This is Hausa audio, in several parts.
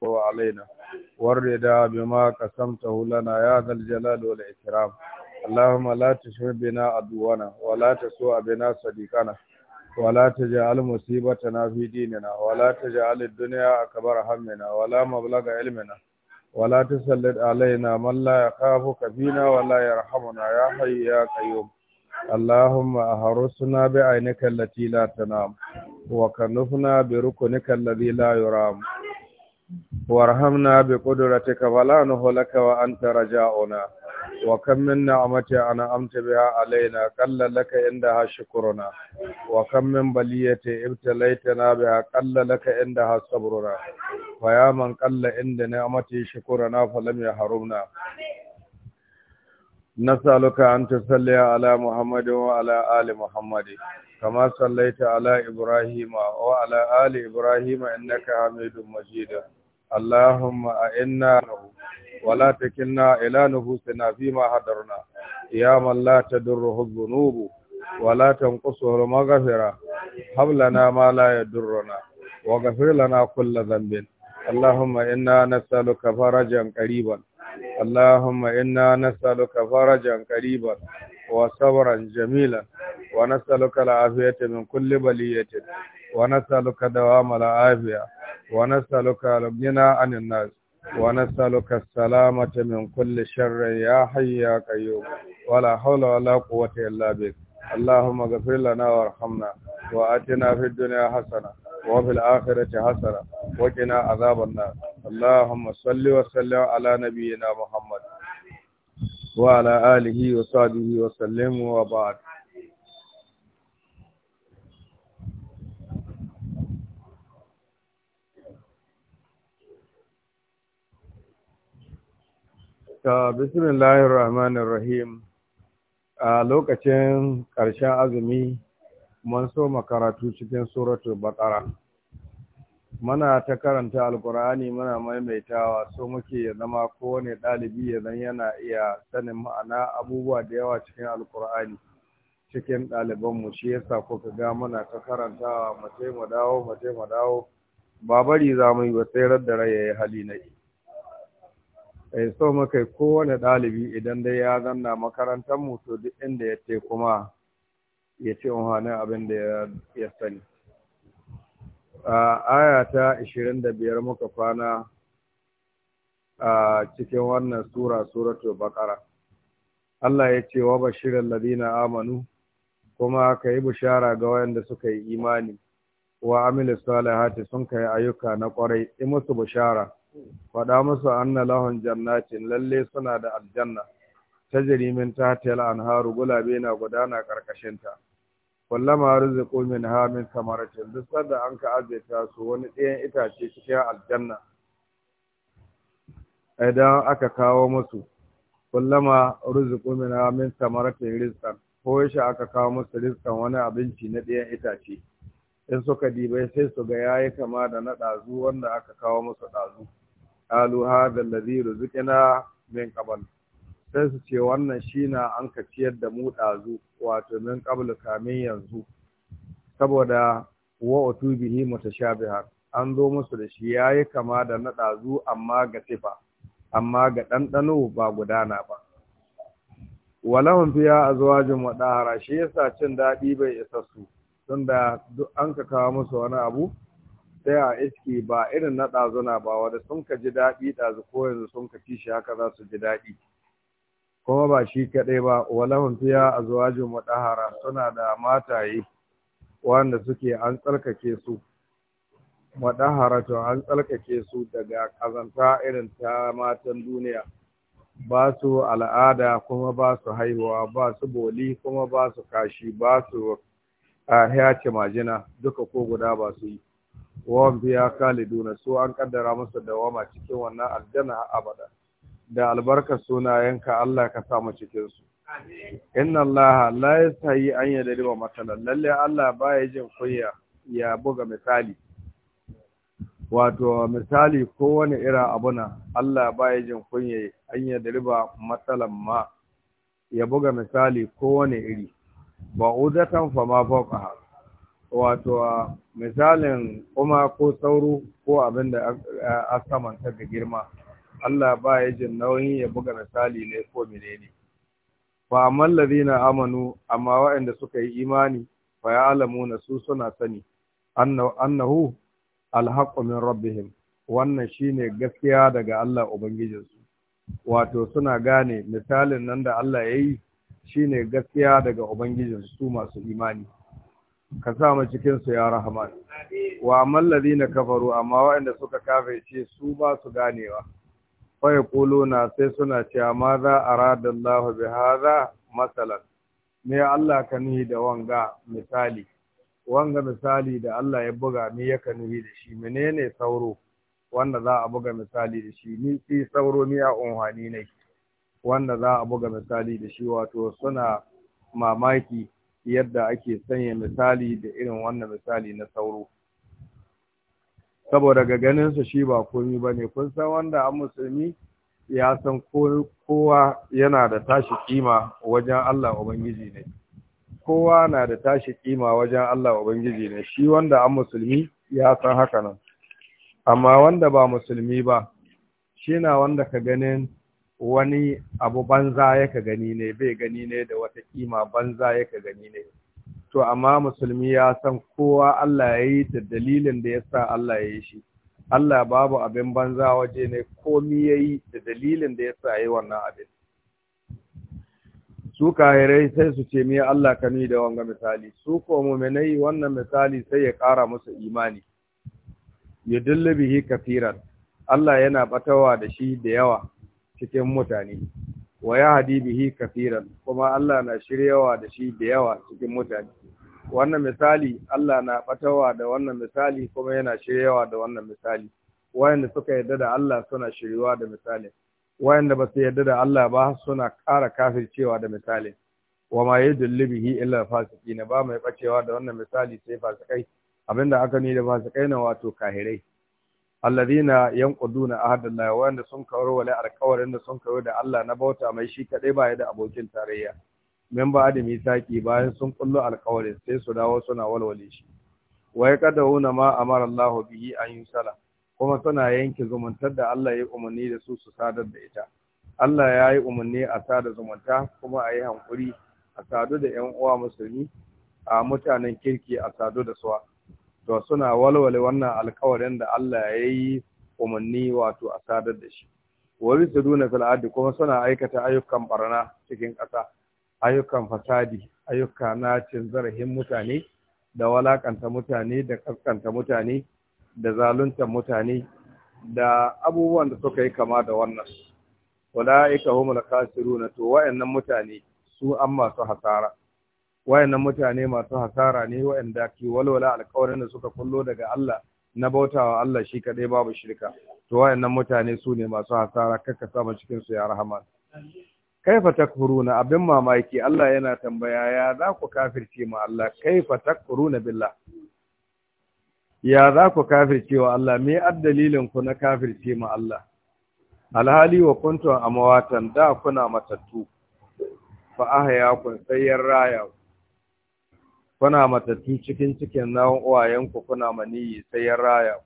وعلينا والرضا بما قسمته لنا يا ذا الجلال والإكرام اللهم لا تشغل بنا عدونا ولا تسوء بنا صديقنا ولا تجعل مصيبتنا في ديننا ولا تجعل الدنيا أكبر همنا ولا مبلغ علمنا ولا تسلط علينا من لا يخافك فينا ولا يرحمنا يا حي يا قيوم اللهم أهرسنا بعينك التي لا تنام وكنفنا بركنك الذي لا يرام وارحمنا بقدرتك فلا نهلك وأنت رجاؤنا وكم من نعمة أنعمت بها علينا قل لك عندها شكرنا وكم من بلية ابتليتنا بها قل لك عندها صبرنا ويا من قل عند نعمتي شكرنا فلم يحرمنا نسألك أن تصلي على محمد وعلى آل محمد كما صليت على إبراهيم وعلى آل إبراهيم إنك حميد مجيد اللهم أئنا ولا تكلنا إلى نفوسنا فيما حضرنا يا من لا تدره الذنوب ولا تنقصه المغفرة هب لنا ما لا يدرنا وغفر لنا كل ذنب اللهم إنا نسألك فرجا قريبا اللهم إنا نسألك فرجا قريبا وصبرا جميلا ونسألك العافية من كل بلية ونسألك دوام العافية ونسألك الغنى عن الناس ونسألك السلامة من كل شر يا حي يا قيوم ولا حول ولا قوة إلا بك اللهم اغفر لنا وارحمنا وآتنا في الدنيا حسنة وفي الآخرة حسنة وقنا عذاب النار اللهم صل وسلم على نبينا محمد وعلى آله وصحبه وسلم وبعد bismillahir rahmanir rahim a lokacin ƙarshen azumi mun so makaratu cikin suratul baqara muna ta karanta alkur'ani muna maimaitawa so muke ya zama kowane ɗalibi ya yana iya sanin ma'ana abubuwa da yawa cikin alkur'ani cikin ɗalibanmu shi yasa kuka ga muna ta karantawa mu mu dawo mu mu dawo ba bari za mu yi ba sai da rai ya hali na so muka kowane ɗalibi idan dai ya zanna makarantar mu to duk inda ya ce kuma ya ce wani abin da ya sani a aya ta 25 muka kwana a cikin wannan sura suratul baqara Allah ya ce wa bashirin ladina amanu kuma ka yi bishara ga wayanda suka yi imani wa amilu salihati sun kai ayyuka na kwarai in musu bishara faɗa musu anna lahun jannatin lalle suna da aljanna ta jirimin ta an haru gulabe na gudana ƙarƙashinta kullama rizqu min ha min samaratin duk sanda an ka azaita su wani ɗayan itace cikin aljanna idan aka kawo musu kullama rizqu min ha min samaratin rizqan ko yaushe aka kawo musu rizqan wani abinci na ɗayan itace in suka dibai sai su ga yayi kama da na ɗazu wanda aka kawo musu ɗazu kalu hadha alladhi ruzqina min qabl sai su ce wannan shine an ka ciyar da mu dazu wato min qabl kamin yanzu saboda wa utubihi mutashabiha an zo musu da shi yayi kama da na dazu amma ga sifa amma ga ɗanɗano ba gudana ba walahum fiya azwajin wadahara shi yasa cin daɗi bai isa su tunda duk an ka kawo musu wani abu tsaya a iski ba irin na ɗazuna ba wanda sun ka ji daɗi ɗazu ko yanzu sun ka kishi haka za su ji daɗi kuma ba shi kaɗai ba walahun fiya a zuwajin maɗahara suna da mataye wanda suke an tsarkake su maɗahara to an tsarkake su daga ƙazanta irin ta matan duniya ba su al'ada kuma ba su haihuwa ba su boli kuma ba su kashi ba su a majina duka ko guda ba su yi wawan biya kaliduna su an kaddara masa dawama cikin wannan aljanna abada da albarkar sunayenka Allah ka sa mu cikin su inna Allah la yasayi an yadriba masalan lalle Allah baya jin kunya ya buga misali wato misali wani irin abuna Allah baya jin kunya an yadriba masalan ma ya buga misali wani iri ba udatan fa ma fawqaha wato misalin kuma ko sauro ko abin da a samanta da girma Allah ba ya jin nauyin ya buga misali ne ko menene fa amman ladina amanu amma waɗanda suka yi imani fa na su suna sani annahu alhaqqu min rabbihim wannan shine gaskiya daga Allah su wato suna gane misalin nan da Allah yayi shine gaskiya daga ubangijinsu su masu imani ka sa mu cikin su ya rahman wa amal ladina kafaru amma waɗanda suka kafirce su ba su ganewa fa yaquluna sai suna cewa ma za arada Allah bi hadha masalan me Allah ka nuhi da wanga misali wanga misali da Allah ya buga me ya ka nuhi da shi menene sauro wanda za a buga misali da shi ni fi sauro ni a unhani ne wanda za a buga misali da shi wato suna mamaki yadda ake sanya misali da irin wannan misali na sauro saboda ga ganinsa shi ba komi ba ne kun san wanda an musulmi ya san kowa yana da tashi kima wajen Allah Ubangiji ne kowa na da tashi kima wajen Allah Ubangiji ne shi wanda an musulmi ya san haka nan amma wanda ba musulmi ba shi na wanda ka ganin wani abu banza yaka gani ne bai gani ne da wata kima banza yaka gani ne to amma musulmi ya san kowa Allah ya yi da dalilin da ya sa Allah ya yi shi Allah babu abin banza waje ne komi ya yi da dalilin da ya sa ya yi wannan abin su kahirai sai su ce miya Allah ka ni da wanga misali su ko muminai wannan misali sai ya kara musu imani ya bihi kafiran Allah yana batawa da shi da yawa cikin mutane wa ya hadi bihi kafiran kuma Allah na shiryawa da shi da yawa cikin mutane wannan misali Allah na batawa da wannan misali kuma yana shiryawa da wannan misali wayanda suka yarda da Allah suna shiryawa da misalin wayanda ba su yarda da Allah ba suna ƙara kafircewa da misalin wa ma yadullu bihi illa fasiqina ba mai bacewa da wannan misali sai fasikai abinda aka ni da fasikai na wato kahirai alladina yanquduna ahadallahi wanda sun kawo wala alƙawarin da sun kawo da Allah na bauta mai shi kadai ba da abokin tarayya men ba adami saki bayan sun kullu alƙawarin sai su dawo suna walwale shi wa yaqaduna ma amara Allah bihi an yusala kuma suna yanke zumuntar da Allah ya umarni da su su sadar da ita Allah ya yi umarni a sada zumunta kuma a yi hankuri a sadu da ‘yan uwa musulmi a mutanen kirki a sadu da suwa to suna walwale wannan alkawarin da Allah ya yi umarni wato a sadar da shi wani su duna fil'adi kuma suna aikata ayyukan barna cikin ƙasa ayyukan fasadi ayyuka na cin zarafin mutane da walakanta mutane da ƙasƙanta mutane da zaluntar mutane da abubuwan da suka yi kama da wannan wala'ika kasiru na to wayannan mutane su an masu hasara wayannan mutane masu hasara ne wayanda ke walwala alƙawarin da suka kullo daga Allah na bautawa Allah shi kaɗai babu shirka to wayannan mutane su ne masu hasara kakka sama cikin su ya rahama. kaifa takfuruna abin mamaki Allah yana tambaya ya za ku kafirce ma Allah kaifa takfuruna billah ya za ku kafirce wa Allah me addalilin ku na kafirce ma Allah alhali wa kuntum amwatan da kuna matattu fa ahyakum sayyar raya kuna matattu cikin cikin nawan uwayenku kuna maniyi sai ya raya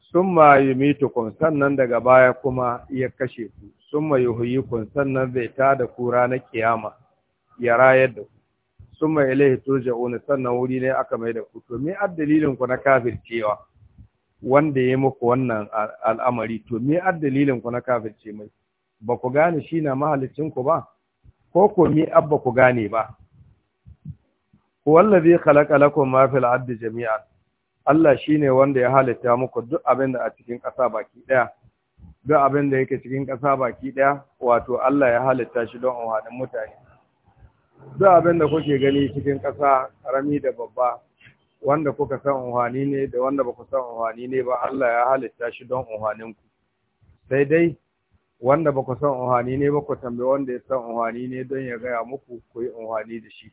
Sun summa yumitukum sannan daga baya kuma ya kashe ku Sun summa yuhyikum sannan zai da kura na kiyama ya raya da ku summa ilaihi turja'un sannan wuri ne aka mai da ku to me dalilin ku na kafircewa wanda ya muku wannan al'amari to me dalilin ku na kafirce mai ba ku gane shi na mahalicin ku ba ko ko me abba ku gane ba wallazi khalaqa lakum ma fil ardi jami'an Allah shine wanda ya halitta muku duk abin da a cikin ƙasa baki ɗaya duk abin da yake cikin ƙasa baki ɗaya wato Allah ya halitta shi don amfanin mutane duk abin da kuke gani cikin ƙasa ƙarami da babba wanda kuka san amfani ne da wanda ba ku san amfani ne ba Allah ya halitta shi don amfanin ku sai dai wanda ba ku san amfani ne ba ku tambayi wanda ya san amfani ne don ya gaya muku ku yi amfani da shi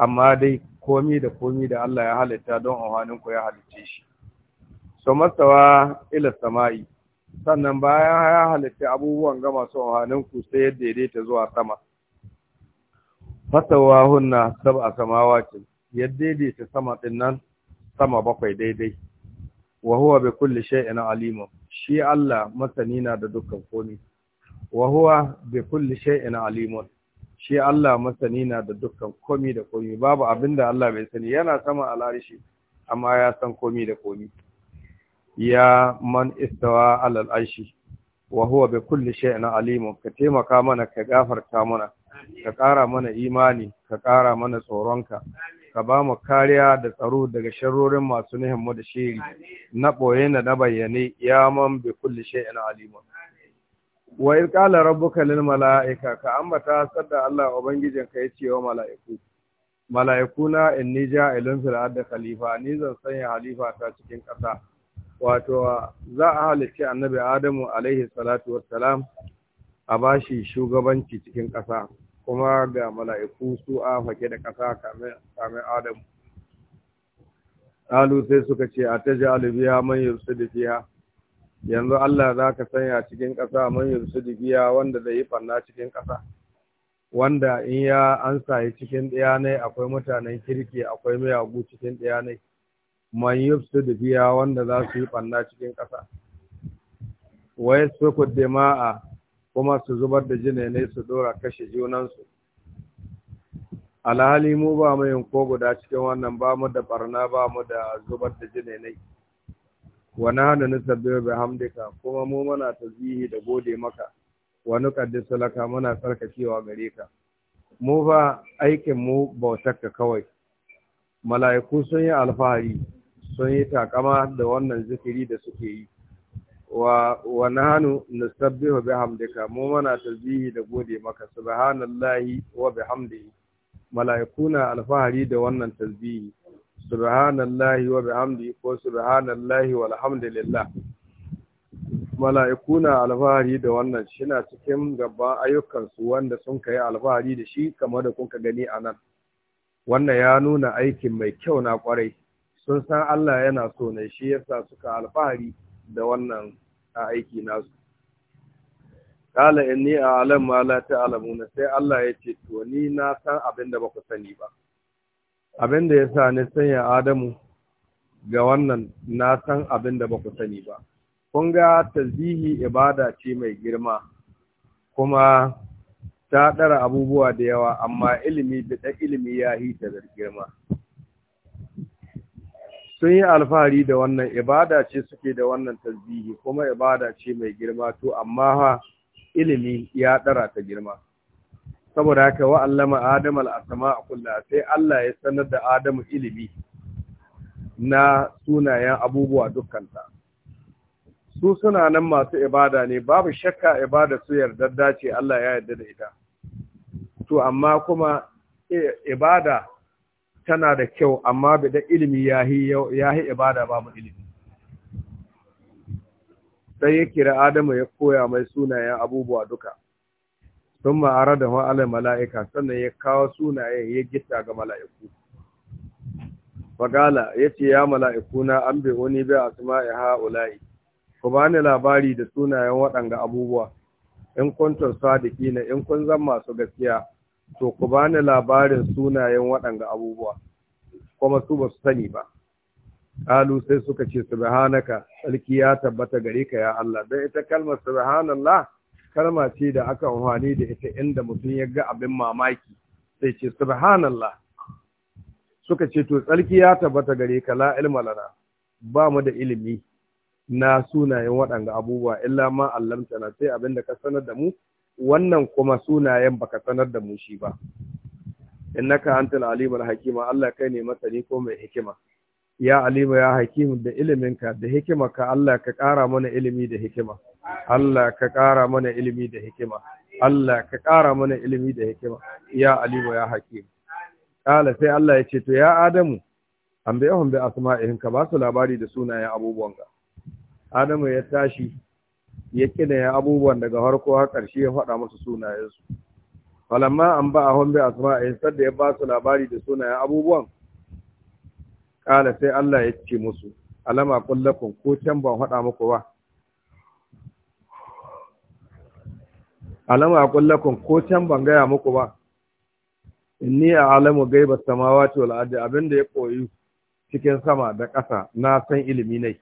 amma dai komi da komi da Allah ya halitta don amfanin ku ya halitta shi so masawa ila sama'i sannan bayan ya halitta abubuwan ga masu amfanin ku sai ya daidaita zuwa sama fasawa hunna sab'a samawati ya daidaita sama din sama bakwai daidai wa huwa bi kulli shay'in alim shi Allah masani na da dukkan komi wa huwa bi kulli shay'in alimun shi Allah masani na da dukkan komi da komi babu abin da Allah bai sani yana sama al'arshi amma ya san komi da komi ya man istawa alal arshi wa huwa bi kulli shay'in alim ka taimaka mana ka gafarta mana ka ƙara mana imani ka ƙara mana tsoronka ka ba mu kariya da tsaro daga sharrorin masu nihin mu da shiri na boye na bayyane ya man bi kulli shay'in alim wa iz qala rabbuka lil mala'ika ka ambata sadda Allah ubangijinka yace wa mala'iku Mala'iku mala'ikuna inni ja'ilun fil ardi khalifa ni zan sanya halifa ta cikin ƙasa wato za a halicci annabi Adamu alaihi salatu wassalam a bashi shugabanci cikin ƙasa kuma ga mala'iku su a fake da ƙasa kamin Adamu Alu sai suka ce a ta ji alibiya man da fiya yanzu Allah za ka sanya cikin ƙasa man yursu digiya wanda zai yi ɓanna cikin ƙasa wanda in ya an sayi cikin ɗaya akwai mutanen kirki akwai miyagu cikin ɗaya ne man yursu digiya wanda za su yi ɓanna cikin ƙasa wai su ku dima'a kuma su zubar da jini ne su ɗora kashe junansu alhali mu ba mu yin ko guda cikin wannan ba mu da barna ba mu da zubar da jini ne wa nahnu bai hamdika, kuma mu muna tasbihi da gode maka wani kaddi laka muna tsarkakewa gare ka mu ba aikin mu bautarka kawai mala'iku sun yi alfahari sun yi takama da wannan zikiri da suke yi wa na nahnu bai hamdika mu muna tasbihi da gode maka subhanallahi wa bihamdihi mala'iku na alfahari da wannan tasbihi subhanallahi wa bihamdi ko subhanallahi walhamdulillah mala'iku na alfahari da wannan shina cikin gaban ayyukansu wanda sun kai alfahari da shi kamar da kuka gani a nan wannan ya nuna aikin mai kyau na kwarai sun san Allah yana so ne shi yasa suka alfahari da wannan aiki nasu kala inni a'lamu ma la ta'lamuna sai Allah ya ce to ni na san abin da baku sani ba abin da ya sa ni sanya adamu ga wannan na san abin da ba ku sani ba kun ga tasbihi ibada ce mai girma kuma ta ɗara abubuwa da yawa amma ilimi da ɗan ilimi ya yi ta da girma sun yi alfahari da wannan ibada ce suke da wannan tasbihi kuma ibada ce mai girma to amma ilimi ya ɗara ta girma saboda haka wa allama adam al'asama a kulla sai Allah ya sanar da adamu ilimi na sunayen abubuwa dukkanta su suna nan masu ibada ne babu shakka ibada su yardar dace Allah ya yarda da ita to amma kuma eh, ibada tana da kyau amma da ilimi ya yi ibada babu ilimi sai ya kira adamu ya koya mai sunayen abubuwa duka sun ma'ara da ma'alar mala'ika sannan ya kawo sunayen ya gita ga mala'iku fagala ya ce ya mala'iku na an bai wani bai a suma ya ha'ula'i ku ba ni labari da sunayen waɗanga abubuwa in kuntun sadiki na in kun zan masu gaskiya to ku ba ni labarin sunayen waɗanga abubuwa kuma su ba su sani ba kalu sai suka ce subhanaka sarki ya tabbata gare ka ya Allah dan ita kalmar subhanallah kalma ce da aka amfani da ita inda mutum ya ga abin mamaki sai ce subhanallah suka ce to tsarki ya tabbata gare ka la ilma lana ba mu da ilimi na sunayen waɗanga abubuwa illa ma allamta na sai abin da ka sanar da mu wannan kuma sunayen baka sanar da mu shi ba innaka antal alimul hakima Allah kai ne masani ko mai hikima ya alima ya hakimu da iliminka da hikima ka Allah ka ƙara mana ilimi da hikima Allah ka ƙara mana ilimi da hikima Allah ka ƙara mana ilimi da hikima ya alima ya hakimu kala sai Allah ya ce to ya adamu an bai yahun bi asma'ihim ka ba su labari da sunayen abubuwan ka. adamu ya tashi ya kina ya abubuwan daga farko har ƙarshe ya faɗa musu sunayensu falamma an ba a hon bi asma'ihim sadda ya ba su labari da sunayen abubuwan kala sai Allah ya ce musu alama kullakun ko can ban haɗa muku ba alama kullakun ko can ban gaya muku ba inni a alamu gaiba samawati wal ardi abinda ya koyi cikin sama da ƙasa na san ilimi ne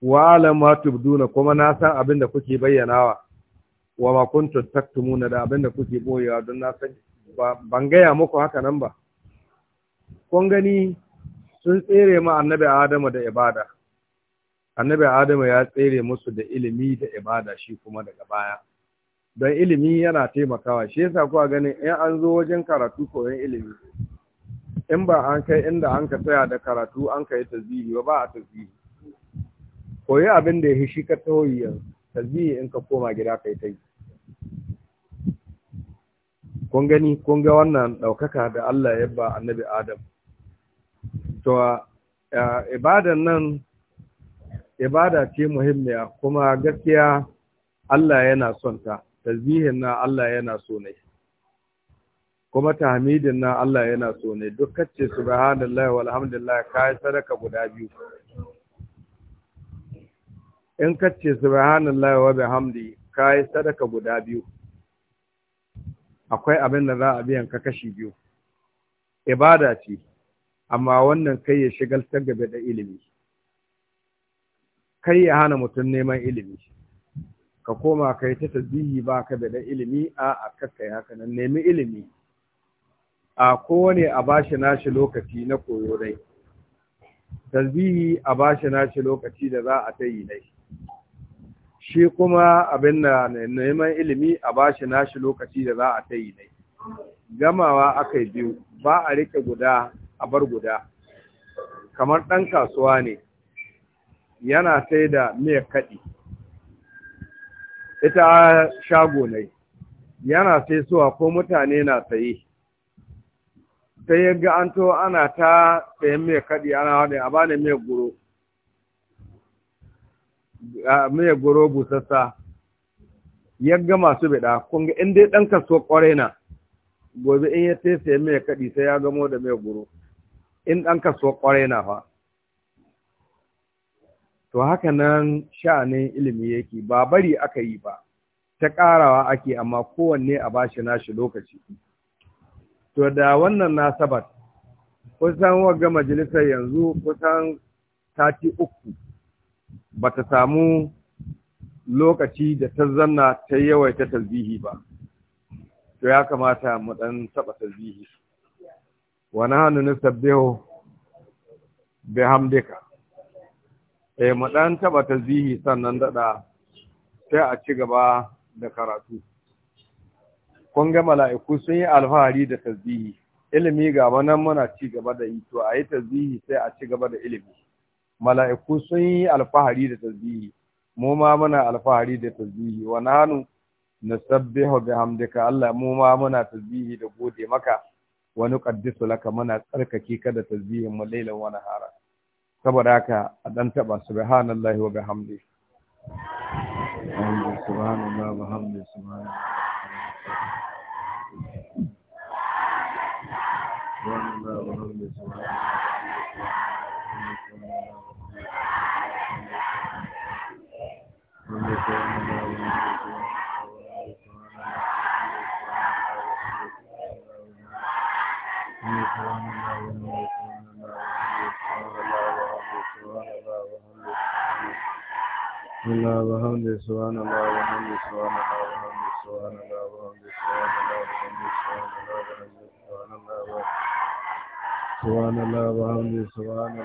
wa alama tubduna kuma na san abinda kuke bayyanawa wa ma kuntum taktumuna da abinda kuke boyewa don na san ban gaya muku haka nan ba kun gani sun tsere ma annabi Adamu da ibada annabi Adamu ya tsere musu da ilimi da ibada shi kuma daga baya don ilimi yana taimakawa shi yasa kuwa ganin in an zo wajen karatu koyon ilimi in ba an kai inda an ka tsaya da karatu an ka yi tazihi ba ba a tazihi koyi abin da ya shi ka yanzu, tazihi in ka koma gida kai ta yi kun gani kun ga wannan ɗaukaka da Allah ya ba annabi Adamu to ibadan nan ibada ce muhimmiya kuma gaskiya Allah yana son ta tasbihin na Allah yana so ne kuma tahmidin na Allah yana so ne dukkan ce subhanallahi walhamdulillah kai sadaka guda biyu in ka ce subhanallahi wa bihamdi kai sadaka guda biyu akwai abin da za a biyan ka kashi biyu ibada ce amma wannan kai ya shigaltar gaba da ilimi kai ya hana mutum neman ilimi ka koma ka yi ta tasbihi ba ka da ilimi a a kakkai haka nan nemi ilimi a kowane a bashi nashi lokaci na koyo dai tasbihi a bashi nashi lokaci da za a ta yi dai shi kuma abin da neman ilimi a bashi nashi lokaci da za a ta yi dai gamawa aka yi biyu ba a rike guda a bar guda kamar ɗan kasuwa ne yana sai da mai kaɗi ita shago ne yana sai suwa ko mutane na saye sai ya ga an to ana ta sayan mai kaɗi ana haɗe a bani mai guro mai guro busassa ya ga masu biɗa kun ga in dai ɗan kasuwa ƙwarai na gobe in ya sai sayan miyar kaɗi sai ya gamo da mai guro in ɗan kasuwar ƙwarai na fa to haka nan sha'anin ilimi yake ba bari aka yi ba ta ƙarawa ake amma kowanne a bashi nashi lokaci to da wannan nasabar kusan ga majalisar yanzu kusan sati uku ba ta samu lokaci da ta zanna ta yawaita tarbihi ba to ya kamata mu ɗan taɓa tasbihi wa nahnu nusabbihu bihamdika eh mu dan taba tazihi sannan dada sai a ci gaba da karatu kun ga mala'iku sun yi alfahari da tazihi ilimi ga nan muna ci gaba da yi to a yi tazihi sai a ci gaba da ilimi mala'iku sun yi alfahari da tazihi mu ma muna alfahari da tazihi wa nanu nasabbihu bihamdika Allah mu ma muna tazihi da gode maka wa nuqaddisu laka muna tsarkake ka da tasbihin mu lailan wa nahara saboda haka a dan taba subhanallahi wa bihamdi subhanallahi wa bihamdi subhanallahi wa bihamdi subhanallahi الله وحمد سبحان الله وحمد سبحان الله وحمد سبحان الله وحمد سبحان الله وحمد سبحان الله سبحان الله وحمد سبحان الله وحمد سبحان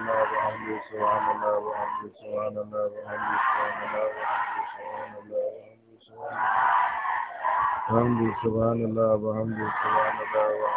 الله وحمد سبحان الله وحمد سبحان الله وحمد سبحان الله وحمد سبحان الله وحمد سبحان الله وحمد سبحان الله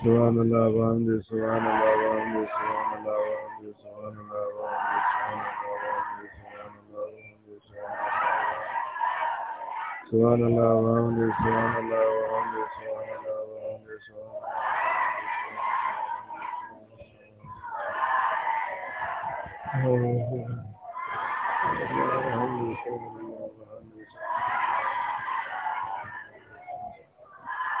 subhanallah walhamdu subhanallah walhamdu subhanallah walhamdu subhanallah walhamdu subhanallah walhamdu subhanallah walhamdu subhanallah walhamdu subhanallah walhamdu subhanallah walhamdu subhanallah Oh,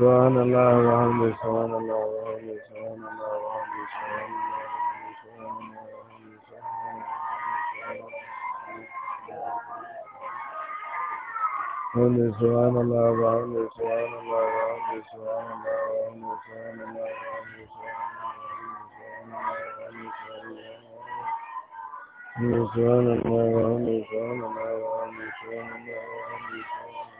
سبحان الله وحمده سبحان الله وحمده سبحان الله وحمده سبحان الله وحمده سبحان الله وحمده سبحان الله وحمده سبحان الله وحمده سبحان الله وحمده سبحان الله وحمده سبحان الله وحمده سبحان الله وحمده سبحان الله وحمده سبحان الله وحمده سبحان الله وحمده سبحان الله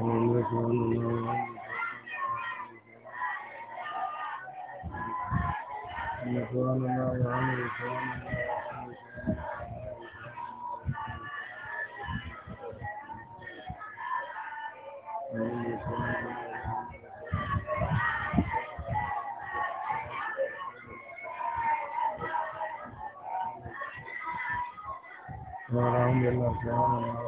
Around the last one.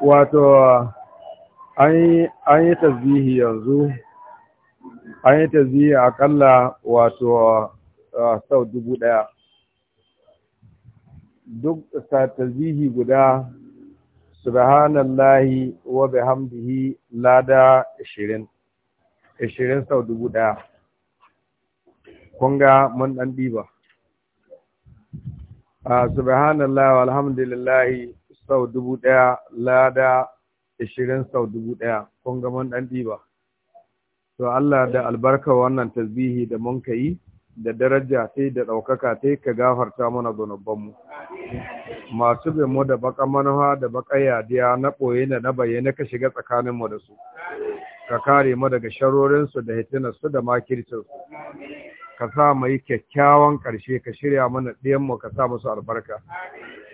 wato an yi tasbihi yanzu an yi a akalla wato sau dubu ɗaya duk tazihi guda subhanallahi wa bihamdihi lada 20 20 sau dubu ɗaya kunga mun dan diba subhanallahi walhamdulillahi sau dubu ɗaya lada ishirin sau dubu ɗaya kun ga mun ɗan ɗiba to Allah da albarka wannan tasbihi da mun ka yi da daraja sai da ɗaukaka sai ka gafarta mana mu. masu mu da baka manuwa da baka yadiya na ɓoye da na bayyana ka shiga tsakanin mu da su ka kare mu daga sharorinsu da hitinarsu da makircinsu ka sa mu yi kyakkyawan ƙarshe ka shirya mana ɗiyanmu ka sa musu albarka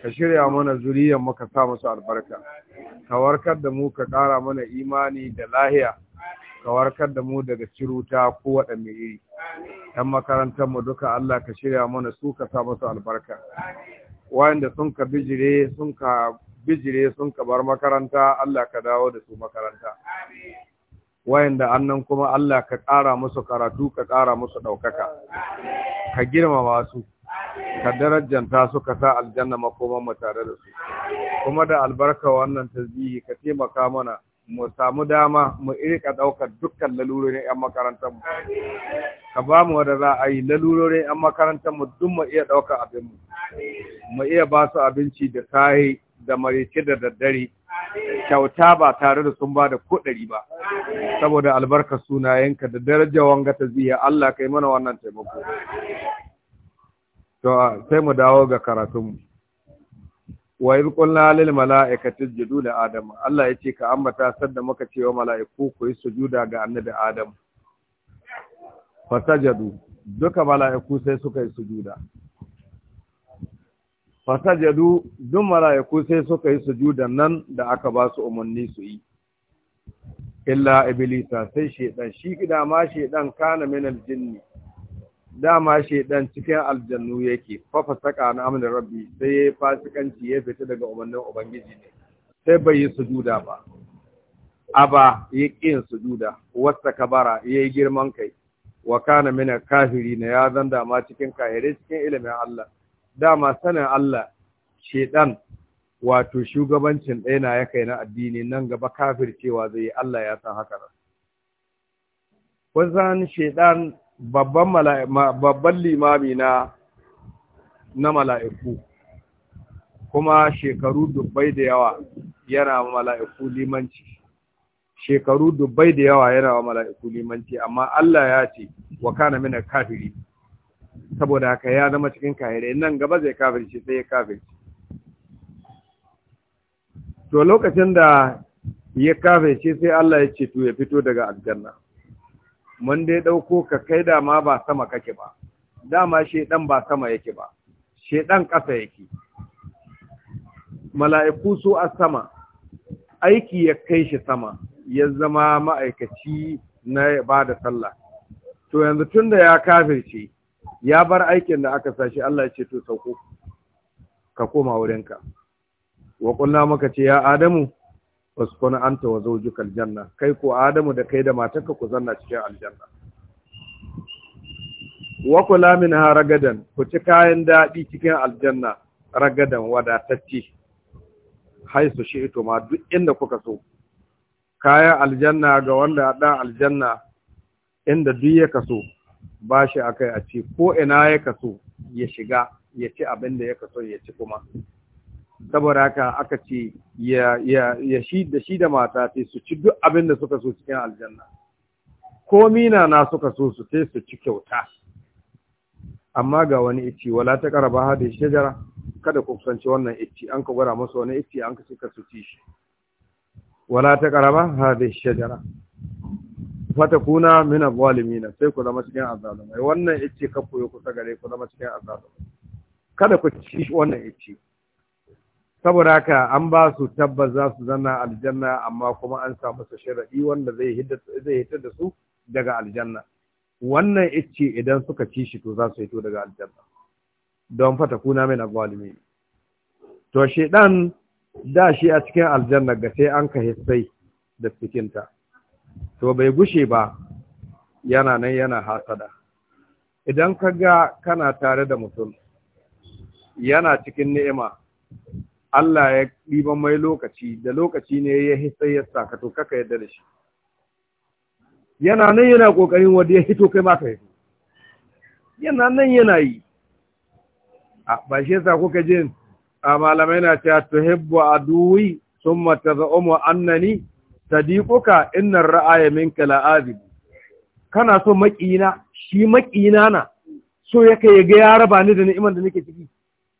ka shirya mana zuriyanmu ka sa musu albarka ka warkar da mu ka ƙara mana imani da lahiya ka warkar da mu daga ciruta ko waɗanne iri ɗan makarantar mu duka Allah ka shirya mana su ka sa musu albarka wanda sun ka bijire sun ka bijire sun ka bar makaranta Allah ka dawo da su makaranta wayanda annan kuma Allah ka ƙara musu karatu ka ƙara musu ɗaukaka ka girmama masu. ka darajanta su ka sa aljanna makoman mu tare da su kuma da albarka wannan tasbihi ka taimaka mana mu samu dama mu irka ɗaukar dukkan lalurorin 'yan makarantarmu ka ba mu da za a yi lalurorin 'yan makarantarmu duk mu iya ɗaukar abin mu iya ba su abinci da sahi da marice da daddare kyauta ba tare da sun ba da kuɗari ba saboda albarkar sunayenka da darajar wanga ta ziya Allah kai mana wannan taimako to sai mu dawo ga karatunmu wa iz qulna lil mala'ikati isjudu li adam Allah yace ka ambata sadda muka cewa mala'iku ku yi sujuda ga annabi Adam fasajadu duka mala'iku sai suka yi sujuda fasajadu duk ku sai suka yi sujudan nan da aka ba su umarni su yi illa iblisa sai shedan shi ma shedan kana min aljinni dama shedan cikin aljannu yake fa fasaka na amin rabbi sai ya fasikanci ya fita daga umarnin ubangiji ne sai bai yi sujuda ba aba ya yin sujuda wasta kabara ya yi girman kai wa kana min kafiri na ya zanda ma cikin kayare cikin ilimin Allah dama sanin Allah shedan wato shugabancin ɗaya na ya kai na addini nan gaba kafir cewa zai Allah ya san haka nan wasan shedan babban babban limami na na mala'iku kuma shekaru dubbai da yawa yana mala'iku limanci shekaru dubbai da yawa yana wa mala'iku limanci amma Allah ya ce wa kana mina kafiri saboda haka ya zama cikin kahirai nan gaba zai kafirci sai ya kafirci to lokacin da ya kafirci sai Allah ya ce to ya fito daga aljanna mun dai ɗauko ka kai da ma ba sama kake ba dama shedan ba sama yake ba shedan kasa yake mala'iku su a sama aiki ya kai shi sama ya zama ma'aikaci na ba da sallah to yanzu tun da ya kafirce ya bar aikin da aka sashi Allah ya ce to sauko ka koma wurinka wa kunna maka ce ya adamu waskuna anta wa zawjuka aljanna kai ko adamu da kai da matarka ku zanna cikin aljanna wa kula minha ragadan ku ci kayan dadi cikin aljanna ragadan wadatacce haisu shi'tu ma duk inda kuka so kayan aljanna ga wanda da aljanna inda duk ya kaso ba shi akai a ce ko ina ya kaso ya shiga ya ci abin da ya kaso ya ci kuma saboda haka aka ce ya shi da shi da mata sai su ci duk abin da suka so cikin aljanna ko mina na suka so su sai su ci kyauta amma ga wani ici wala ta karaba hada shajara kada ku kusanci wannan ici an ka gwara masa wani ici an ka suka su ci shi wala ta karaba hada shajara fatakuna min zalimina sai ku zama cikin azzalumai wannan yace ka koyo kusa gare ku zama cikin azzalumai kada ku ci wannan yace saboda haka an ba su tabbas za su zanna aljanna amma kuma an samu su sharadi wanda zai hidda da su daga aljanna wannan yace idan suka ci shi to za su hito daga aljanna don fatakuna min zalimina to shedan da shi a cikin aljanna ga sai an ka hissai da cikinta to bai gushe ba yana nan yana hasada idan ka ga kana tare da mutum yana cikin ni'ima Allah ya ɗiba mai lokaci da lokaci ne ya hitsai ya saka to kaka yadda da shi yana nan yana ƙoƙarin wanda ya hito kai ma yi yana nan yana yi A ba shi yasa kuka jin a malamai na cewa tuhibbu aduwi summa tazaumu annani sadiquka innar ra'aya minka la'azib kana so maƙina shi makina na so yake ya ga ya raba ni da ni'imar da nake ciki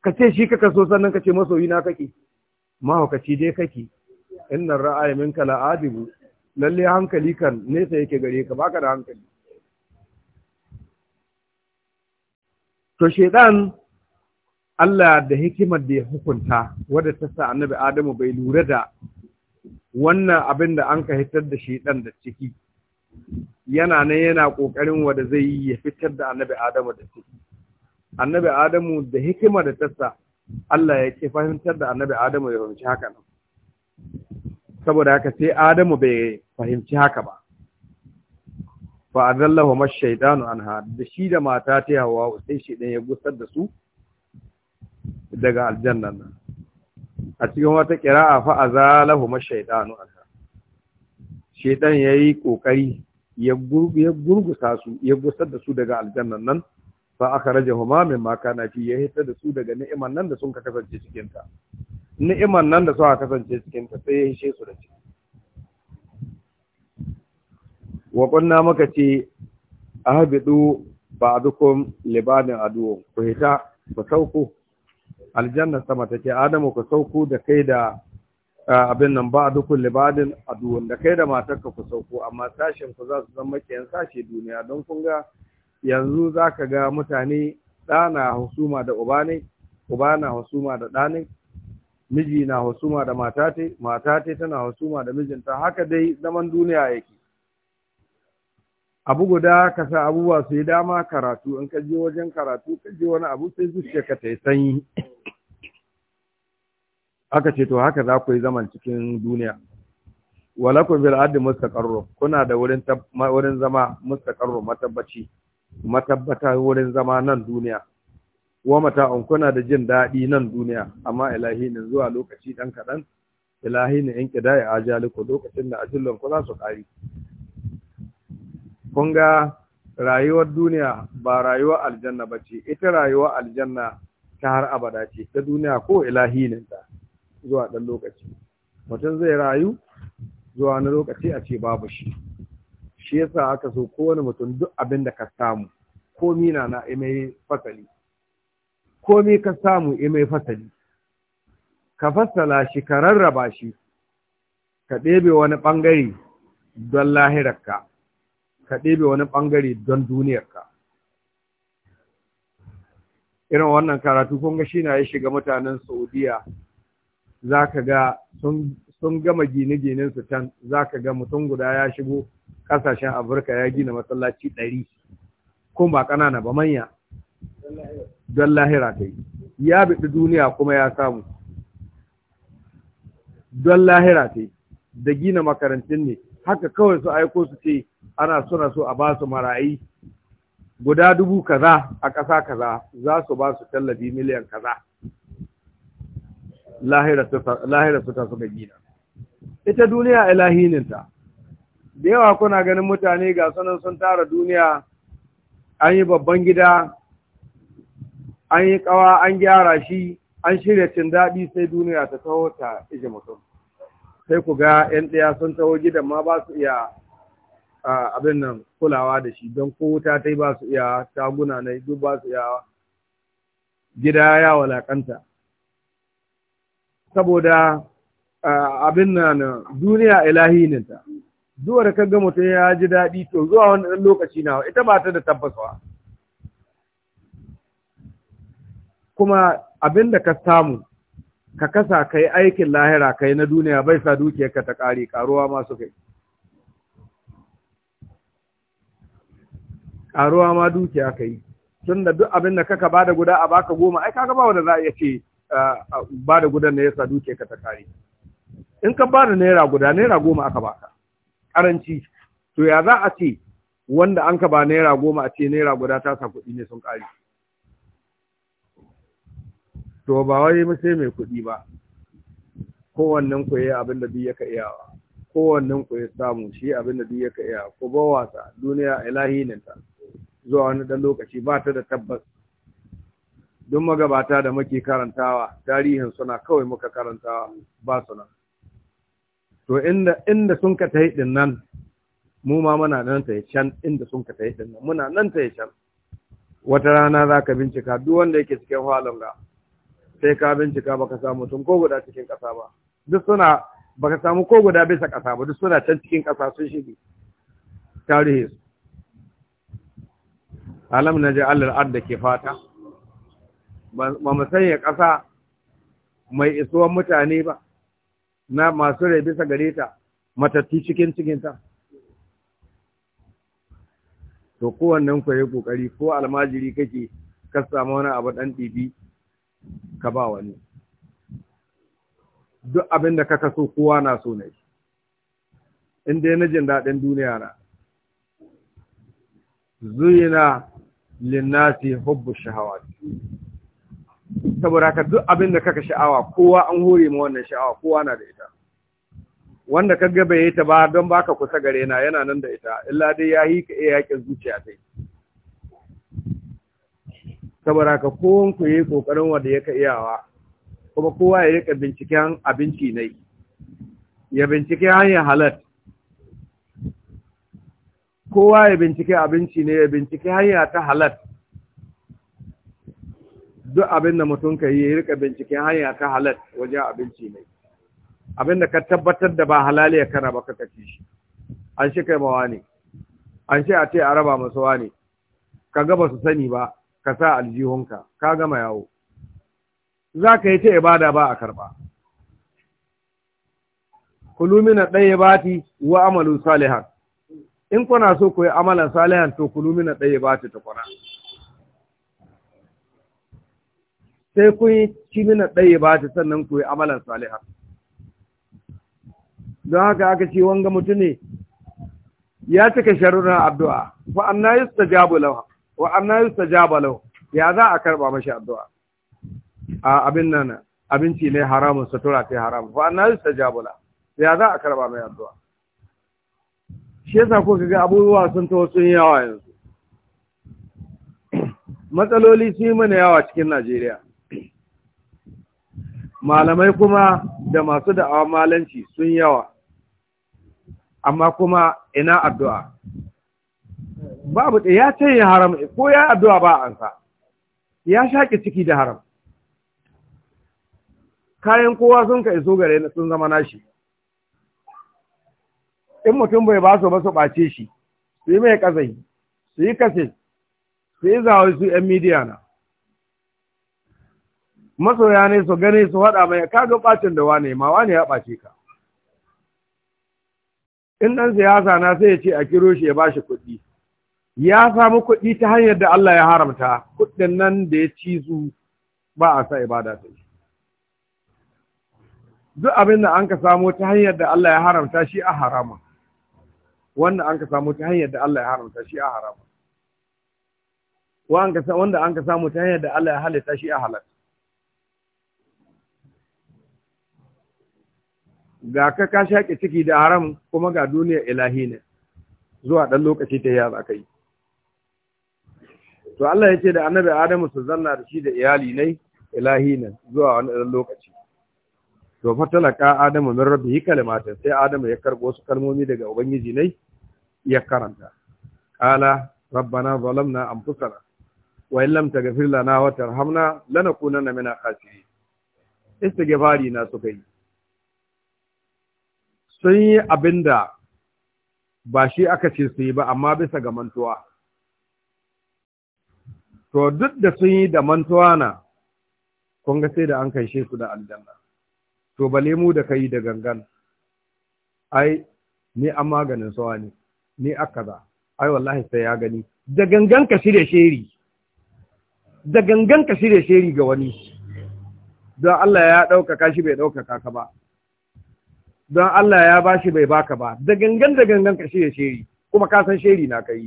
ka ce shi kaka so sannan ka ce masoyi na kake mahaukaci dai kake innar ra'aya minka la'azib lalle hankali kan nesa yake gare ka baka da hankali to shedan Allah da hikimar da ya hukunta wadda ta sa annabi Adamu bai lura da wannan abin da an ka hitar da shi da ciki yana ne yana ƙoƙarin da zai yi ya fitar da annabi Adamu da ciki. Annabi Adamu da hikima da tassa Allah ya ke fahimtar da annabi Adamu ya fahimci haka nan. Saboda haka sai Adamu bai fahimci haka ba. Fa azallahu mashaitanu anha da shi da mata ta Hawwa sai shi ya gusar da su daga aljannan nan. a cikin wata kira'a fa azalahu mashaytanu anha shaytan yayi kokari ya gurgusa su ya gusar da su daga aljannan nan fa akhrajahuma mimma kana fi ya hita da su daga ni'iman nan da sun ka kasance cikin ta ni'iman nan da suka kasance cikin ta sai ya hishe su da ciki wa kunna maka ce ahbidu ba'dukum libadin adu ku hita ku sauko aljanna sama take adamu ku sauko da kai da abin nan ba dukun libadin aduwan da kai da matarka ku sauko amma sashen ku za su zan makiyan sashe duniya don kun ga yanzu za ka ga mutane ɗana husuma da uba ne uba na husuma da ɗa miji na husuma da mata te tana husuma da mijinta haka dai zaman duniya yake abu guda ka sa abubuwa su yi dama karatu in ka je wajen karatu ka je wani abu sai zuciya ka ta sanyi aka ce to haka za ku yi zaman cikin duniya walakum bil ardi mustaqarru kuna da wurin wurin zama mustaqarru matabbaci matabbata wurin zama nan duniya wa mata'un kuna da jin daɗi nan duniya amma ilahi ne zuwa lokaci ɗan kaɗan ilahi ne in kidai ajali ku lokacin da ajillon ku za su ƙari kun ga rayuwar duniya ba rayuwar aljanna ba ce ita rayuwar aljanna ta har abada ce ta duniya ko ta zuwa ɗan lokaci mutum zai rayu zuwa wani lokaci a ce babu shi shi yasa aka so kowane mutum duk abin da ka samu komi na na imai fasali komi ka samu imai fasali ka fassala shi ka rarraba shi ka ɗebe wani ɓangare don lahirarka ka ɗebe wani ɓangare don duniyarka irin wannan karatu kun ga shina ya shiga mutanen saudiya za ka ga sun gama gine-ginen su can za ka ga mutum guda ya shigo kasashen afirka ya gina masallaci ɗari Kun ba ƙanana ba manya don lahira ta yi ya biɗi duniya kuma ya samu don lahira ta yi da gina makarantun ne haka kawai su aiko su ce ana suna so a ba su marayi guda dubu kaza a ƙasa kaza za su ba su tallafi miliyan kaza lahira su ta suka gina ita duniya ilahininta da yawa kuna ganin mutane ga sanan sun tara duniya an yi babban gida an yi kawa an gyara shi an shirya cin daɗi sai duniya ta taho ta ije mutum sai ku ga 'yan ɗaya sun taho gidan ma ba su iya abin nan kulawa da shi don ko ta ta yi ba su iyawa guna na duk ba su iyawa gida ya walakanta saboda abin nan duniya ta zuwa da kaga mutum ya ji daɗi to zuwa wani ɗan lokaci na ita ba ta da tabbaswa kuma abin da ka samu ka kasa kai aikin lahira kai na duniya bai sa dukiyarka ta ƙare ƙaruwa masu kai karuwa ma dukiya ka yi tun da duk abin da kaka bada guda a baka goma ai kaga ba wanda za a iya ce bada gudan ne yasa dukiya ka ta kare in ka bada naira guda naira goma aka baka karanci to ya za a ce wanda an ka ba naira goma a ce naira guda ta sa kuɗi ne sun kare to ba wai sai mai kuɗi ba kowannen ku yi abin da duk yaka iyawa kowannen ku ya samu shi abin da duk yaka iyawa ku ba wasa duniya ilahi ne ta zuwa wani ɗan lokaci ba ta da tabbas don magabata da muke karantawa tarihin suna kawai muka karantawa ba su nan to inda inda sun ka tai din nan mu ma muna nan ta can inda sun ka tai din nan muna nan ta can wata rana za ka bincika duk wanda yake cikin halin ga sai ka bincika baka samu tun ko guda cikin ƙasa ba duk suna baka samu ko guda bisa ƙasa ba duk suna can cikin ƙasa sun shige tarihi su alam na ja'alar al da ke fata ba mu sanya ƙasa mai isuwan mutane ba na masu rai bisa gare ta matattu cikin cikin ta. to kowannen ku yi kokari ko almajiri kake ka samu wani abu dan dibi ka ba wani duk abin da ka kaso kowa na so ne in dai na jin daɗin duniya na zuyina linnati hubbu shahawat saboda ka duk abin da kaka sha'awa kowa an hore ma wannan sha'awa kowa na da ita wanda ka bai yi ta ba don baka kusa gare na yana nan da ita illa dai yi ka iya zuciya sai saboda ka kowon ku yi kokarin wanda yake iyawa kuma kowa ya rika binciken abinci ne ya bincike hanyar halat kowa ya bincike abinci ne ya bincike hanya ta halal duk abin da mutum ka yi ya rika binciken hanya ta halal wajen abinci ne abin da ka tabbatar da ba halali ya kana baka kaci shi an shi kai mawa ne an shi a ce a raba masu wa ne ka ga ba su sani ba ka sa aljihunka ka gama yawo za ka yi ta ibada ba a karba kulumina ɗaya bati wa amalu salihan in kuna so ku yi amalan salihan to kulu lumina ɗaya ba ta tukuna sai kun yi cimina ɗaya ba ta sannan ku yi amalan salihan don haka aka ce wanga mutum ne ya cika sharuɗin addu'a wa anna yustajabu lahu wa anna yustajaba jabalau ya za a karɓa mashi addu'a a abin nan abinci ne haramun sutura ta haramun wa anna yustajabu lahu ya za a karɓa mai addu'a shi yasa ko ga abubuwa sun taho sun yawa yanzu matsaloli sun yi mana yawa cikin Najeriya malamai kuma da masu da'awa malanci sun yawa amma kuma ina addu'a babu da ya ce haram ko ya addu'a ba sa ya shaƙi ciki da haram kayan kowa sun ka iso gare sun zama nashi in mutum bai ba su ba su ɓace shi su yi mai ƙazai su yi kase su yi zawai su ‘yan midiya na masoya ne su gani su haɗa mai kaga ɓacin da wane ma wane ya ɓace ka in ɗan siyasa na sai ya ce a kiro shi ya ba shi kuɗi ya samu kuɗi ta hanyar da Allah ya haramta kuɗin nan da ya ci su ba a sa ibada ta shi duk abin da an ka samu ta hanyar da Allah ya haramta shi a harama wanda an ka samu ta hanyar da Allah ya haramta shi a haram wanda an ka samu ta hanyar da Allah ya halitta shi a halal ga ka ka shaƙe ciki da haram kuma ga duniya ilahi ne zuwa ɗan lokaci ta yaya za to Allah ya ce da annabi Adamu su zanna da shi da iyali ne ilahi ne zuwa wani ɗan lokaci to fa talaka adamu min rabbihi kalimatin sai adamu ya karbo wasu kalmomi daga ubangiji ne ya karanta qala rabbana zalamna anfusana wa in lam taghfir lana wa tarhamna lanakunanna min al-khasirin istighfari na suka yi sun yi abinda ba shi aka ce su yi ba amma bisa ga mantuwa to duk da sun yi da mantuwa na kun ga sai da an kanshe su da aljanna to bale mu da kai da gangan ai ni an maganin sawa ne ni akaza ai wallahi sai ya gani da gangan ka shirya sheri da gangan ka shirya sheri ga wani don Allah ya ɗaukaka shi bai ɗaukaka ka ba don Allah ya ba shi bai baka ba da gangan da gangan ka shirya sheri kuma ka san sheri na kai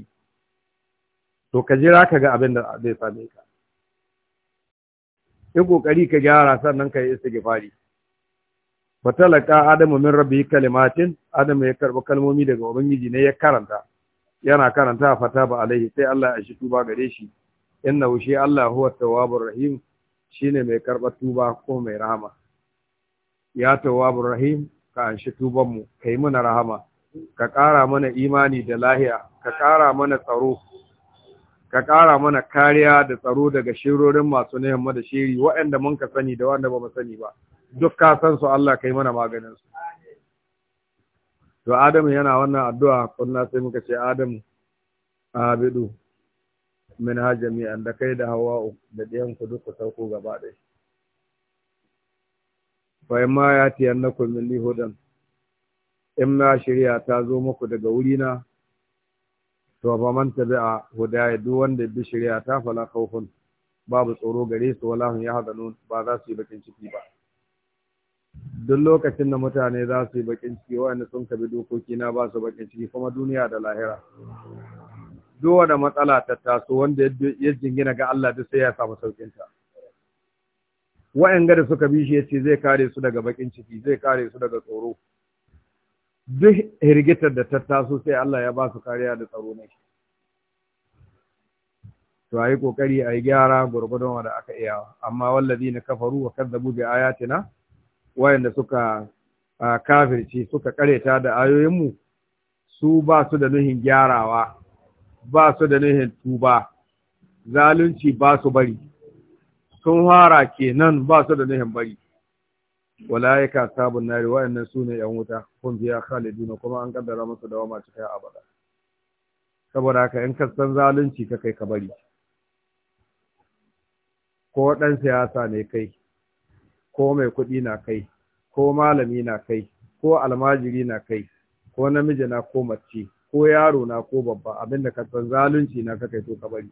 to ka jira ka ga abin da zai same ka yi kokari ka gyara sannan ka yi istighfari fatalaka adamu min rabbi kalimatin adamu ya karba kalmomi daga ubangiji ne ya karanta yana karanta fata ba alaihi sai Allah ya shi tuba gare shi innahu shi Allah huwa tawwabur rahim shine mai karba tuba ko mai rahama ya tawwabur rahim ka anshi tuban mu kai mana rahama ka ƙara mana imani da lahiya ka kara mana tsaro ka kara mana kariya da tsaro daga shirorin masu nehamma da shiri waɗanda mun ka sani da wanda ba mu sani ba duk ka san su Allah kai mana maganin su to Adamu yana wannan addu'a kunna sai muka ce Adamu abidu min ha jami'an da kai da hawa da ɗiyan ku duk ku sauko gaba ɗaya fa ma ya tiyannakum min lihudan in na shirya ta zo muku daga wurina to ba man tabi'a hudaya duk wanda bi shirya ta fala khawfun babu tsoro gare su wala ya yahzanun ba za su yi bakin ciki ba duk lokacin da mutane za su yi bakin ciki wa'anda sun kabi dokoki na ba su bakin ciki kuma duniya da lahira duk da matsala ta taso wanda ya jingina ga Allah duk sai ya samu saukin ta wa'anga da suka bi shi ya ce zai kare su daga bakin ciki zai kare su daga tsoro duk hirgitar da ta taso sai Allah ya ba su kariya da tsaro ne to ayi kokari ayi gyara gurgudun wanda aka iya amma na kafaru wa kazzabu bi ayatina wayanda suka kafirci suka kareta da ayoyinmu su ba su da nuhin gyarawa ba su da nuhin tuba zalunci ba su bari sun fara kenan ba su da nuhin bari wala'ika sabon nari wayannan su ne ‘yan wuta kun biya khaliduna kuma an kaddara musu da cikin abada saboda haka in kasan zalunci ka kai ka bari ko ɗan siyasa ne kai ko mai kuɗi na kai ko malami na kai ko almajiri na kai ko namiji na ko mace ko yaro na ko babba abin da ka san zalunci na kakai to ka bari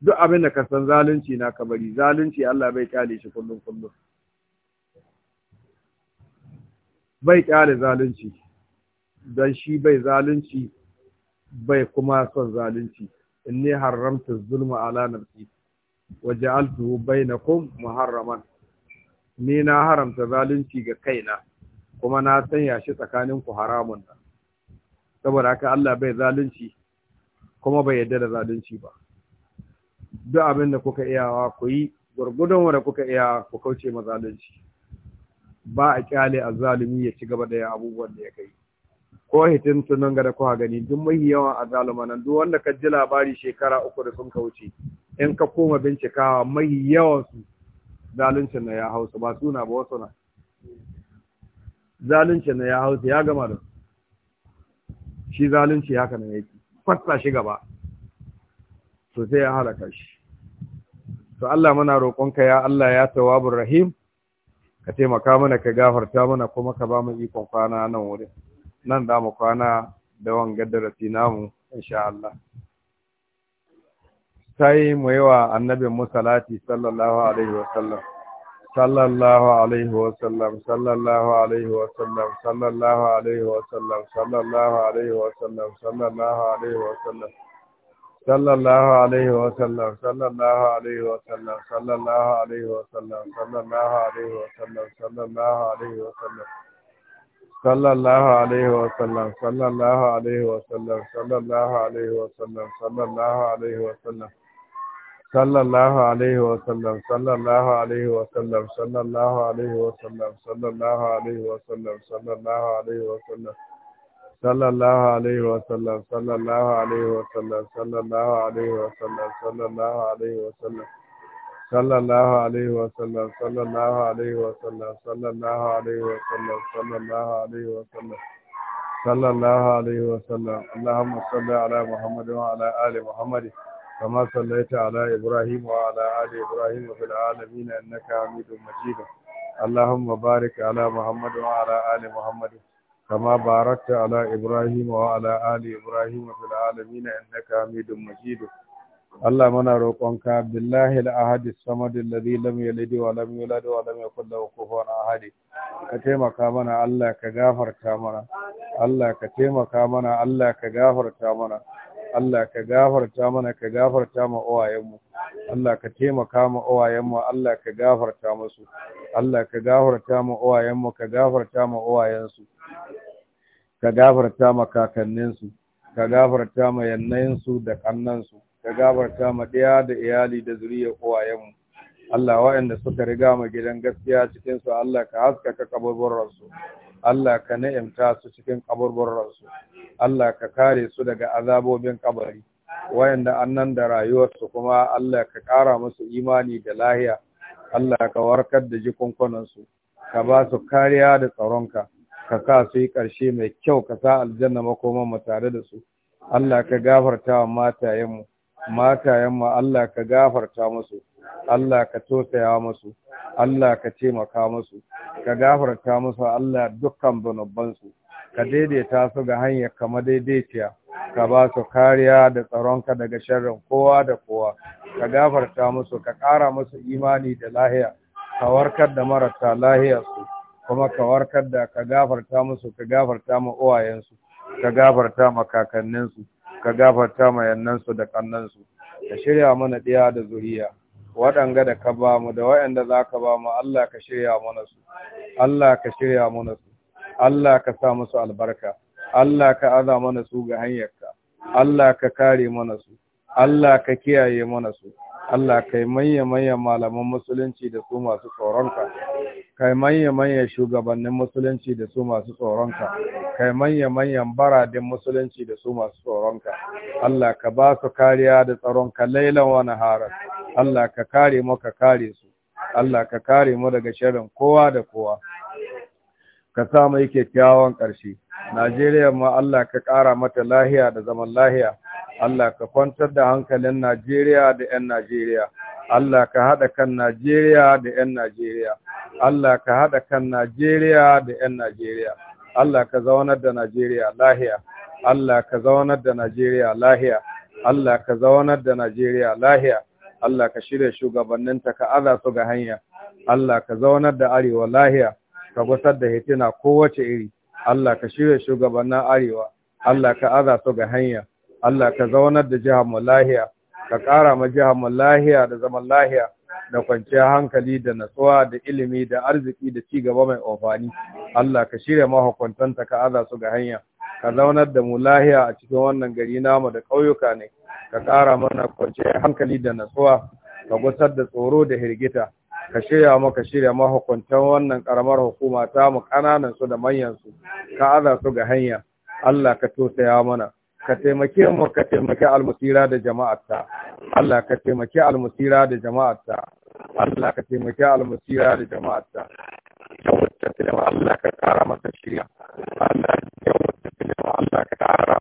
duk abin da ka san zalunci na ka bari zalunci Allah bai kyale shi kullum kullum bai kyale zalunci don shi bai zalunci bai kuma son zalunci inni haramta zulma ala nafsi waja'altuhu bainakum muharraman ni na haramta zalunci ga kaina kuma na sanya shi tsakanin ku haramun nan saboda haka Allah bai zalunci kuma bai yarda da zalunci ba duk abin da kuka iyawa ku yi gurgudun wanda kuka iya ku kauce ma zalunci ba a kyale azzalumi ya ci gaba da abubuwan da ya kai ko hitin tunan ga da kuka gani duk mai yawan azzaluma nan duk wanda ka ji labari shekara uku da sun kauce in ka koma bincikawa mai yawan su zaluncin na ya hausa ba suna ba wasu na zaluncin na ya hausa ya gama da shi zalunci haka na yake kwatsa shi gaba to sai ya halaka shi to Allah muna roƙonka ya Allah ya tawabur rahim ka taimaka mana ka gafarta mana kuma ka ba mu ikon kwana nan wurin nan da mu kwana da wangar darasi namu insha Allah sai mu yi wa annabin musalati sallallahu alaihi wasallam sallallahu alaihi wasallam sallallahu alaihi wasallam sallallahu alaihi wasallam sallallahu alaihi wasallam sallallahu alaihi wasallam sallallahu alaihi wasallam sallallahu alaihi wasallam sallallahu alaihi wasallam sallallahu alaihi wasallam sallallahu alaihi wasallam sallallahu alaihi عليه وسلم صلى الله عليه وسلم صلى الله عليه وسلم sallallahu alaihi عليه وسلم sallallahu alaihi wasallam sallallahu alaihi wasallam sallallahu alaihi wasallam sallallahu alaihi wasallam sallallahu alaihi wasallam sallallahu alaihi wasallam sallallahu alaihi wasallam sallallahu alaihi wasallam sallallahu alaihi wasallam sallallahu alaihi wasallam sallallahu alaihi wasallam sallallahu alaihi wasallam sallallahu alaihi wasallam sallallahu alaihi wasallam allahumma salli ala muhammadin wa ala ali muhammadin كما صليت على إبراهيم وعلى آل إبراهيم في العالمين إنك حميد مجيد اللهم بارك على محمد وعلى آل محمد كما باركت على إبراهيم وعلى آل إبراهيم في العالمين إنك حميد مجيد اللهم أنا روقك بالله الأحد الصمد الذي لم يلد ولم يولد ولم يكن له كفوا أحد كتمك منا الله كغفرت منا الله كتمك منا الله كغفرت منا Allah ka gafarta mana ka gafarta ma uwayenmu Allah ka taimaka ma uwayenmu Allah ka gafarta musu Allah ka gafarta ma uwayenmu ka gafarta ma uwayensu ka gafarta ma kakanninsu ka gafarta ma yannayinsu da kannansu ka gafarta ma ɗaya da iyali da zuriyar uwayenmu Allah wa'anda suka riga ma gidan gaskiya cikinsu Allah ka haskaka kaburburarsu Allah ka na'imta su cikin ransu Allah ka kare su daga azabobin kabari wayanda nan da rayuwarsu kuma Allah ka ƙara musu imani da lahiya Allah ka warkar da jikunkunansu ka ba su kariya da tsaronka ka sa su yi ƙarshe mai kyau ka sa aljanna makoman mu tare da su Allah ka gafarta wa matayenmu matayenmu Allah ka gafarta musu Allah ka tosaya musu Allah ka taimaka musu ka gafarta musu Allah dukkan zunubansu ka daidaita su ga hanyar kama daidaiciya ka ba su kariya da tsaronka daga sharrin kowa da kowa ka gafarta musu ka ƙara musu imani da lahiya ka warkar da marasa lahiyarsu kuma ka warkar da ka gafarta musu ka gafarta ma uwayensu ka gafarta ma kakanninsu ka gafarta ma yannansu da kannansu ka shirya mana ɗiya da zuriya waɗanga da ka ba mu da waɗanda za ka ba mu Allah ka shirya mana su Allah ka shirya mana su Allah ka sa musu albarka Allah ka aza mana su ga hanyarka Allah ka kare mana su Allah ka kiyaye mana su Allah kai manya manya malaman musulunci da su masu tsoronka kai manya manya shugabannin musulunci da su masu tsoronka kai manya manya baradin musulunci da su masu tsoronka Allah ka ba su kariya da tsaron ka lailan wa nahara Allah ka kare mu ka kare su Allah ka kare mu daga sharrin kowa da kowa ka sa mu mai kyakkyawan ƙarshe Najeriya ma Allah ka ƙara mata lahiya da zaman lahiya Allah ka kwantar da hankalin Najeriya da 'yan Najeriya Allah ka haɗa kan Najeriya da 'yan Najeriya Allah ka haɗa kan Najeriya da 'yan Najeriya Allah ka zaunar da Najeriya lahiya Allah ka zaunar da Najeriya lahiya Allah ka zaunar da Najeriya lahiya Allah ka shirya shugabanninta ka aza su ga hanya Allah ka zaunar da arewa lahiya ka gusar da hitina kowace iri Allah ka shirya shugabannin arewa Allah ka aza su ga hanya Allah ka zaunar da jihar mu lahiya ka ƙara ma jihar mu lahiya da zaman lahiya da kwanciyar hankali da natsuwa da ilimi da arziki da ci gaba mai amfani Allah ka shirya mahukuntanta ka aza su ga hanya ka zaunar da mu lahiya a cikin wannan gari namu da ƙauyuka ne ka ƙara mana kwanciyar hankali da natsuwa ka gusar da tsoro da hirgita ka shirya maka shirya mahukuntan wannan ƙaramar hukuma ta mu ƙananan su da manyan su ka aza su ga hanya Allah ka tosaya mana ka taimake mu ka taimake almusira da jama'arta Allah ka taimake almusira da jama'arta Allah ka taimake almusira da jama'arta ta Allah ka ƙara masa shirya Allah ka ƙara.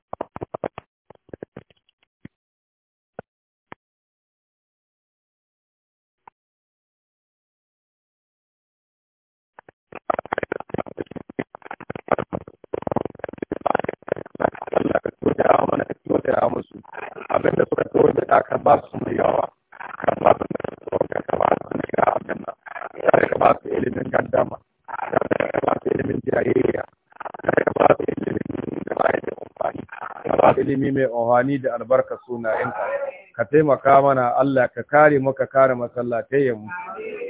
abin da tudo tsoro da aka ba su mai yawa acabado com su da tsoro da ka ba su ne ga abin da ya ka ba su ilimin gandama ya ka ba su ilimin jayayya ya ka ba su ilimin da ba da amfani ba su ilimi mai ohani da albarka sunayenka ka taimaka mana Allah ka kare maka kare masallatayen mu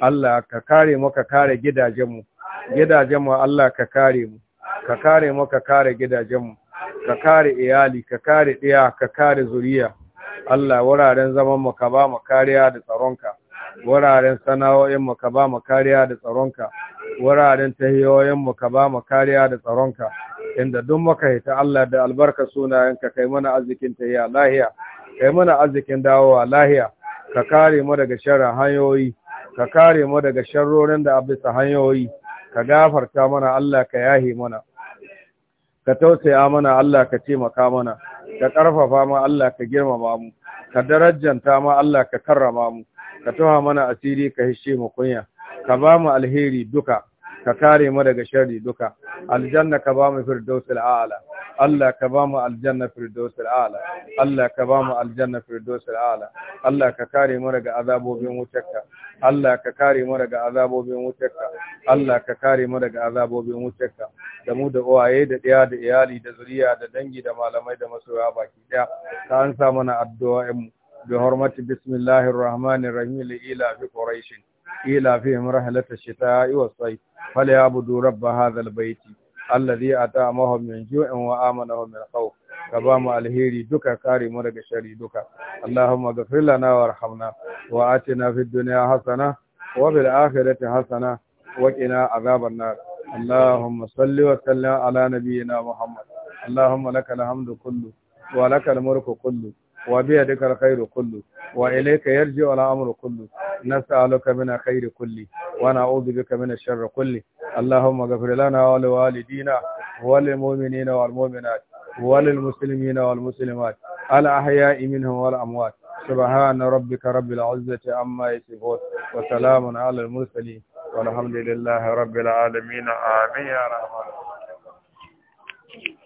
Allah ka kare maka kare gidajen mu gidajen mu Allah ka kare mu ka kare maka kare gidajen mu ka kare iyali ka kare ɗaya ka kare zuriya Allah wuraren zaman mu ka ba mu kariya da tsaronka wuraren sana'o'in mu ka ba mu kariya da tsaronka wuraren tahiyoyin mu ka ba mu kariya da tsaronka inda duk muka hita Allah da albarka sunayenka kai mana arzikin tahiya lahiya kai mana arzikin dawowa lahiya ka kare mu daga sharrin hanyoyi ka kare mu daga sharrorin da abisa hanyoyi ka gafarta mana Allah ka yahi mana ka tausaya mana Allah ka taimaka mana ka ƙarfafa mu Allah ka girmama mu ka darajanta ma Allah ka karrama mu ka tawa mana asiri ka hishe mu kunya ka ba mu alheri duka ka kare mu daga sharri duka aljanna ka ba mu firdausul a'la Allah ka ba mu aljanna firdaus ala Allah ka ba mu aljanna firdaus ala Allah ka kare mu daga azabobin wutarka Allah ka kare mu daga azabobin wutarka Allah ka kare mu daga azabobin wutarka da mu da uwaye da ɗaya da iyali da zuriya da dangi da malamai da masoya baki ɗaya ka an sa mana addu'a mu bi hurmati bismillahir rahmanir rahim ila fi quraish ila fihim rahlatash shita'i was sayf falyabudu rabb hadha al-bayt alladhi ata'amahum min ju'in wa amanahum min khawf ka bamu alheri duka kare mu daga shari duka allahumma ghfir lana warhamna wa atina fid dunya hasana wa fil akhirati hasana wa qina azaban nar اللهم صل وسلم على نبينا محمد اللهم لك الحمد كله ولك الملك كله wa biya biyadika alkhairu kullu wa ilayka yarji'u al'amru kullu nas'aluka min alkhairi kulli wa na'udhu bika min ash-sharri kulli allahumma ighfir lana wa liwalidina wa lil mu'minina wal mu'minat wa lil muslimina wal muslimat al ahya'i minhum wal amwat سبحان ربك رب العزة عما يصفون Wa على المرسلين والحمد walhamdulillahi رب العالمين آمين يا رحمن